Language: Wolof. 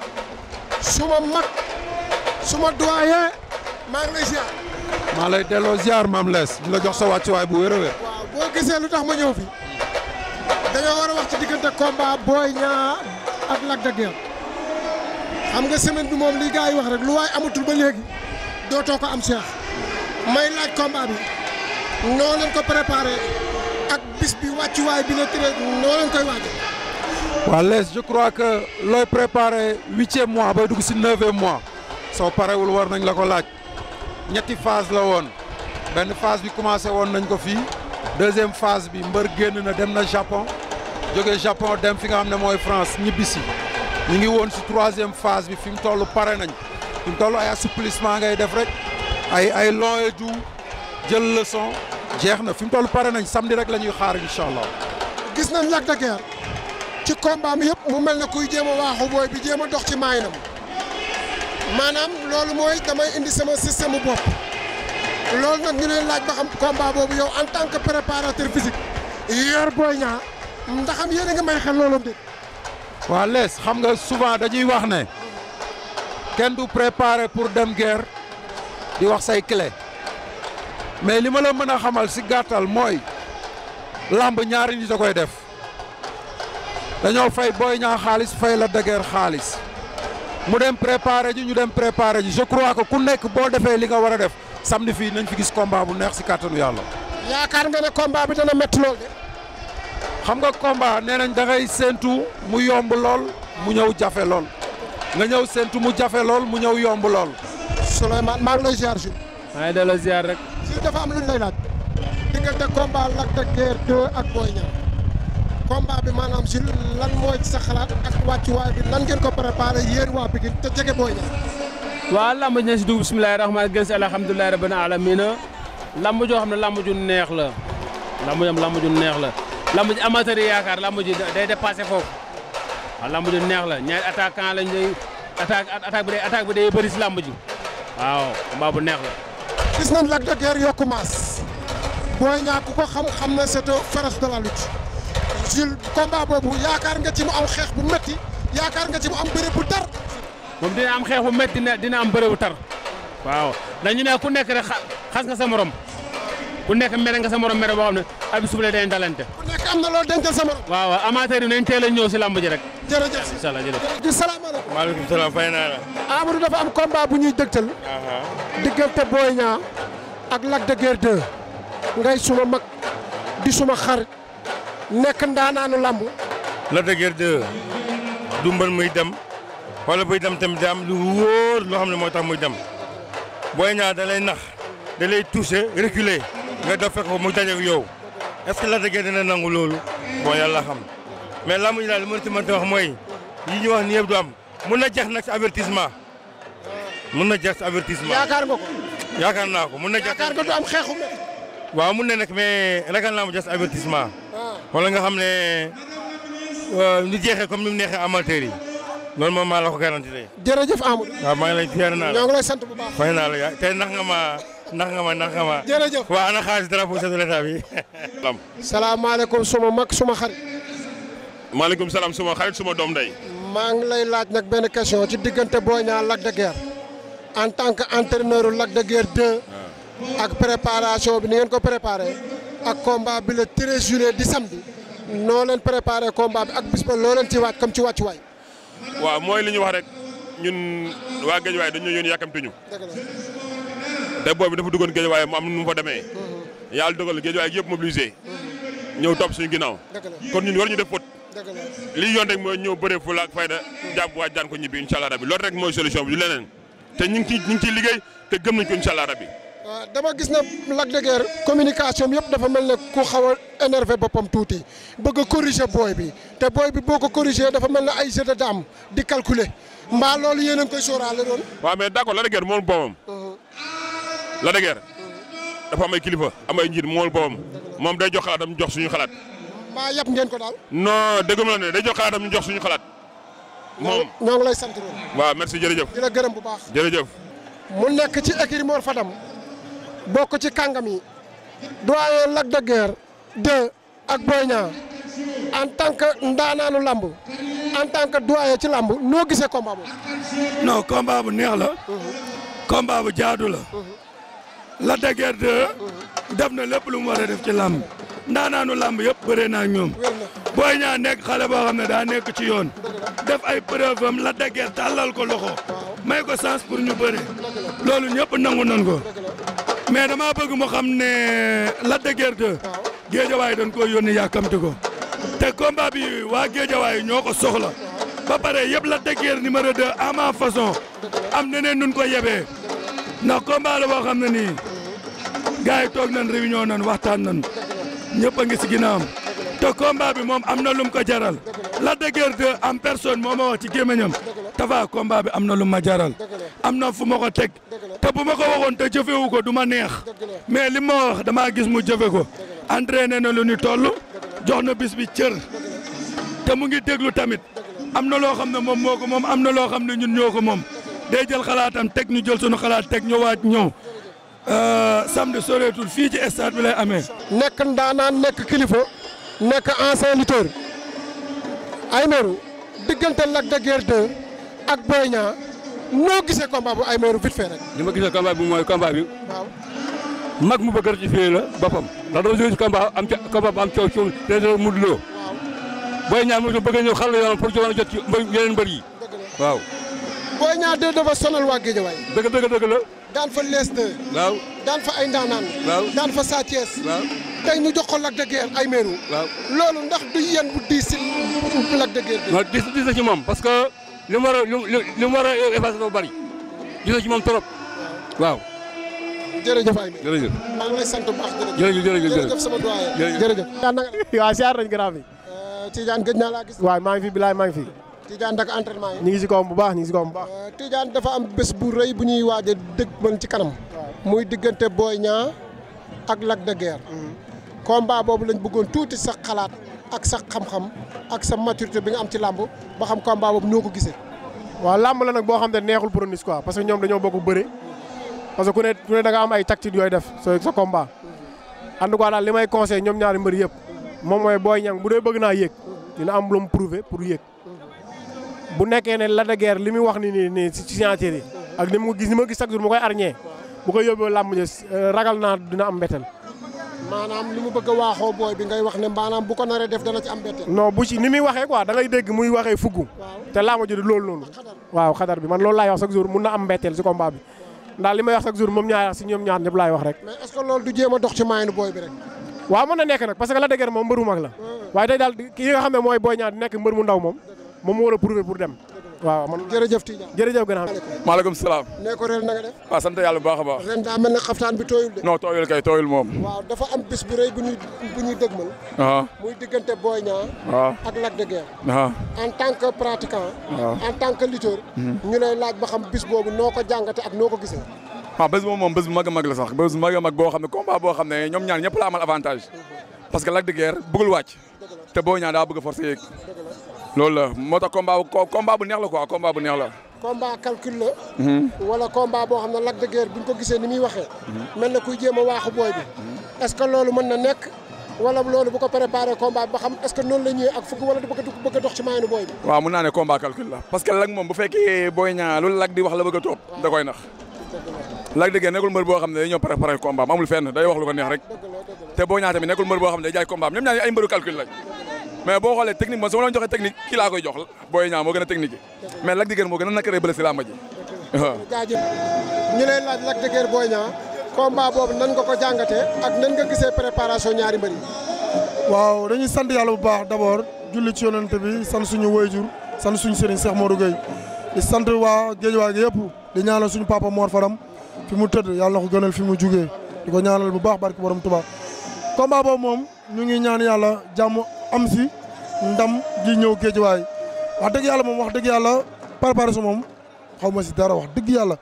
xarit suma mag suma doyen maa ngi lay ziar. maa lay delloo ziar maam lees di la jox sa wàccuwaay bu wér a wér. waaw boo gisee lu tax ma ñëw fi dañoo war a wax ci diggante combat Boy Niang ak Lac xam nga semaine bi moom li gaa yi wax rek lu waay amatul ba léegi dootoo ko am Cheikh may laaj combat bi noo leen ko préparé ak bis bi wàccuwaay bi la tëral noo leen koy waajal. waa lees je crois que looy préparé huitième mois bay dugg si neuvième mois soo parewul war nañ la ko laaj ñetti phase la woon benn phase bi commencé woon nañ ko fii deuxième phase bi mbër génn na dem na Japon jóge Japon dem fi nga xam ne mooy France si ñu ngi woon si troisième phase bi fi mu toll pare nañ fi mu toll ay assouplissement ngay def rek ay ay long et doux jël leçon jeex na fi mu toll pare nañ samedi rek la ñuy xaar incha allah. gis nañ Lac de ci combat am yëpp mu mel ne kuy jéem a waaxu booy bi jéem a dox ci maayinam maanaam loolu mooy damay indi sama système bopp loolu nag ñu leen laaj ba xam combat boobu yow en tant que préparateur physique yor booy ñaa ndaxam yéen a nga may xel loolu de. waa lees xam nga souvent dañuy wax ne kenn du préparé pour dem guerre di wax say kile mais li ma la mën a xamal si gàttal mooy làmb ñaari nit a koy def. dañoo fay booy Niang xaalis fay la dëgër xaalis mu dem préparé ji ñu dem préparé ji je crois que ku nekk boo defee li nga war a def samedi fii nañ fi gis combat bu neex si kàttanu yàlla. yaakaar nga ne combat bi dana métti lool de. xam nga combat nee nañ da ngay séentu mu yomb lool mu ñëw jafe lool nga ñëw séentu mu jafe lool mu ñëw yomb lool. Souleymane maa ngi lay ziar Jules. maa ngi delloo rek. dafa am lu ñu lay laaj. diggante combat Lac de ak combat bi maanaam si lan mooy sa xalaat ak wàccuwaay bi nan ngeen ko préparé yéen waa Pikine te jege Boy Niang. waaw lamb ne si ju neex la lamb ju am lamb neex la lamb ji amateur yi yaakaar lamb ji day dépassé foofu waaw lamb neex la ñaari attaquant lañ day attaque attaque bi day attaque bi day bëri si waaw combat bu neex la. gis nañ Lac de Guiers yokku maas Boy Niang ku ko xam xam na c'est un féroce Jules combat boobu yaakaar nga ci mu am xeex bu metti yaakaar nga ci mu am bëre bu tar. moom dina am xeex bu metti dina am bëre bu tar waaw ñu ne ku nekk rek xas nga sa morom ku nekk mere nga sa morom mere boo xam ne ab suuf la day dalante. ku nekk am na loolu dencal sa morom. waaw waaw amateur nañ teel a ñëw si lamb ji rek. jërëjëf incha allah jërëjëf. di salaamaaleykum. dafa am combat bu ñuy dëgtal. diggante Boy Niang ak Lac de Guiers 2 ngay suma mag di suma xarit. nekk ndaanaanu lamb. Lac de Guiers 2 du mbër muy dem wala buy dem tamit am lu wóor loo xam ne moo tax muy dem booy Niang dalay nax da lay touché reculé nga def fekk ko mu dajeeg yow est-ce que Lac nangu loolu bon yàlla xam mais lamb ji daal li ma mën a wax mooy yi ñu wax ni du am mun na jeex nag si avertissement mun na jeex si avertissement. yaakaar nga ko. yaakaar naa ko mun na jeex. yaakaar nga du am xeexu. waaw mun na nekk mais ragal naa mu jeex si avertissement. wala nga xam ne ñu jeexe comme ni mu neexee amateurs yi loolu moom maa la ko garanti tey. jërëjëf Amadou. waaw maa ngi lay ziar naa la ñoo sant bu baax. naa la yaa nax nga ma nax nga ma nax nga ma. jërëjëf waaw ana xaalis drapeau chef de l'état bi. salaamaaleykum suma mag suma xarit. maaleykum salaam suma xarit suma doom day maa ngi lay laaj nag benn question ci diggante boo Niang Lac de Guiers en tant que entraîneur Lac de Guiers 2. Ah. ak préparation bi ni ngeen ko préparé. ak combat bi le 13 juillet di samedi noo leen préparé combat ak bis ba loo leen ci waaj comme ci waay waaw mooy li ñu wax rek ñun waa Géejawaay dañu ñëw yéen yàkkamti ñu. te boobu dafa duggoon Géejawaay mu am nu mu fa demee. yàlla dogal Géejawaay yëpp mobilisé. ñëw topp suñu ginnaaw. kon ñun war ñu def pot. lii yoon rek mooy ñëw bëree fula ak fayda jàpp waaj daan ko ñibbi incha allah bi loolu rek mooy solution bi du leneen te ñu ngi ciy ñu ngi liggéey te gëm nañ ko incha allah Euh, dama gis na Lac de communication bi yëpp dafa mel ne ku xaw a énervé boppam tuuti bëgg a corriger booy bi te booy bi boo ko corriger dafa mel ne ay jeu de dame di calculer mbaa loolu yéen a ngi koy sóoraale doon. mais d' accord Lac de Guiers moom boppam. Uh-huh. Lac de Guiers dafa kilifa am ay njiit moom boppam moom day jox xalaatam jox suñu xalaat. mbaa yàpp ngeen ko daal. non dëgg la ne day jox xalaatam jox suñu xalaat. moom ñoo ngi lay sant waa waaw merci jërëjëf. di la bu baax jërëjëf. mu nekk ci écurie Mor Fadam. bokk ci kàngam yi doyen Lac de ak Boy Niang en tant que ndaanaanu lamb en tant que doyen ci lamb noo gisee combat boobu. non combat bu neex la. Mhm. combat bu jaadu la. Mhm. Lac de def na lépp lu mu war ci lamb ndaanaanu lamb yëpp bëree naa ñoom. Boy ñaa nekk xale boo xam ne daa nekk ci yoon. def ay preuve la Lac de tàllal ko loxo. may ko sens pour ñu bëre. loolu ñëpp nangu nan ko. mais dama bëgg mu xam ne Lac de Guiers 2 géejawaay dañ koy yónni yàkkamti ko te combat bi waa géejawaay ñoo ko soxla ba pare yëpp Lac de Guiers numéro 2 à ma façon am neneen nun ko yebee ndax combat la boo xam ne nii gars yi toog nan réunion nan waxtaan nan ñëpp a ngi si ginnaawam te combat bi moom am na lum ko jaral la de am 2 en personne moo ma wax ci gémmiñam Tapha combat bi am na lu ma jaral am na fu ma ko teg te bu ma ko waxoon te jëfewu ko du ma neex mais li ma wax damaa gis mu jëfe ko entraîné na lu ñu toll jox na bis bi cër te mu ngi déglu tamit am na loo xam ne moom moo ko moom am na loo xam ne ñun ñoo ko moom day jël xalaatam teg ñu jël sunu xalaat teg ñu waaj ñëw euh, samedi soreetul fii ci stade bi lay amee. nekk ndaanaan nekk kilifa nekk ancien lutteur. Aymerou diggante Lac de Guiers 2 ak Boy ñaa noo gisee combat bu Aymerou vite fait rek. ma gisee combat bi mooy combat bi. waaw mag mu bëgg ratifié la boppam ndax dama jógee ci combat am ca combat bu am coow coow te dara mu loo. Boy bëgg ñëw xàll yoonam pour ci mën a jot ci yeneen mbër yi. waaw. Boy Niang 2 dafa sonal waa Guédiawaye. dëgg dëgg dëgg la. daan fa lees 2. waaw daan fa ay ndaanaan. daan fa Sa tey ñu jox ko Lac de ay meenu. waaw loolu ndax du yéen bu diis si parce que li mu war a li a effacé dafa bëri diis na moom trop waaw. jërëjëf Ayme jërëjëf. maa ngi sant bu baax jërëjëf sama jërëjëf jërëjëf. waaw siyaar nañu garaaf yi. Euh, Tidiane gëj naa laa gis. waaw maa ngi fi bilaay maa ngi fi. Tidiane dak entraînement yi. ñu ngi si kawam bu baax ñu si kawam bu baax. Euh, Tidiane dafa am bés bu rëy bu ñuy waaj a dëgg mën ci kanam. muy diggante booy ñaa ak Lac de Guiers. Mm-hmm. combat boobu lañ bëggoon tuuti sax xalaat ak sax xam-xam ak sa maturité bi nga am ci làmb ba xam combat boobu noo ko gisee. waaw làmb la nag boo xam ne neexul pronostic quoi parce que ñoom dañoo bokk bëre parce que ku ku ne da am ay tactique yooy def sooy sa combat. en tout cas daal li may conseil ñoom ñaari mbër yëpp moom mooy booy Niang bu dee bëgg naa yéeg dina am lu mu prouver pour yëg bu nekkee ne la de li muy wax ni nii nii ci signature yi ak ni mu gis ni ma gis chaque jour mu koy arñee bu ko yóbboo làmb ja euh, ragal naa dina am mbetteel maanaam li mu bëgg a waaxoo booy bi ngay wax ne maanaam bu ko naree def dana ci am bette. non bu ci ni muy waxee quoi da ngay dégg muy waxee fugg. te laama ji loolu noonu. waaw xadar bi man loolu laay wax chaque jour mun na am mbetteel si combat bi. ndax li may wax chaque jour moom ñaar si laay wax rek. mais du jéem a dox ci maayanu booy bi rek. waaw mën na nekk nag parce que la dëgër moom mbër mag la. waaye tey daal ki nga mooy booy ñaar nekk mbër mu ndaw moom moom a prouver pour dem waaw man jërëjëf Tidiane jërëjëf gën a xam maaleykum salaam ne ko ren na nga def waaw sant yàlla bu baax a baax ren daa mel ne xaftaan bi tooyul de non tooyul kay tooyul moom waaw dafa am bis bi rëy bu ñuy bu ñuy dëgmal muy diggante Boy Niang waaw ak Lac de Guiers en tant que pratiquant en tant que lutteur mhm. ñu lay laaj ba xam bis boobu noo ko jàngate ak noo ko gisee ma ah, bés boobu moom bés bu mag a mag la sax bés bu mag a mag boo xam ne combat boo xam ne ñoom ñaar ñëpp la amal avantage mhm. parce que Lac de Guiers wàcc te Boy Niang daa bëgg forcé yéeg loolu la moo tax combat combat bu neex la quoi combat bu neex la. combat calcul la. Mhm. wala combat boo xam ne Lac de Guiers bi ñu ko gisee ni muy waxee. mel na kuy jéem a waaxu booy bi. est que loolu mën na nekk. wala loolu bu ko préparé combat ba xam est que noonu la ñëwee ak fukk wala bëgg a dox ci maayanu booy bi. waaw mun naa ne combat calcul parce que Lac moom bu fekkee booy ñaa loolu Lac di wax la bëgg a toog da koy nax. Lac de Guiers nekkul mbër boo xam ne dañoo préparé day wax lu ko neex rek. te booy ñaa ne day jaay mais boo xoolee technique man su ma doon joxee technique kii jox booy ñaa moo gën a technique mais Lac de Guiers moo gën a nakare bële si làmb ji waaw ñu lay laaj Lac de boobu nan nga ko jàngatee ak nan nga gisee préparation ñaari mbër waaw dañuy sant yàlla bu baax d'abord julli ci yonent bi sant suñu wayjur sant suñu sëriñ Cheikh moo Gueye di sant waa Géejawaay gi yëpp di ñaanal suñu papa Mor Faram fi mu tëdd yàlla na ko gënal fi mu jugee di ko ñaanal bu baax barki borom Tuubaa combat boobu moom am si ndam ji ñëw géejuwaay wax dëgg yàlla moom wax dëgg yàlla par préparation moom xaw ma si dara wax dëgg yàlla.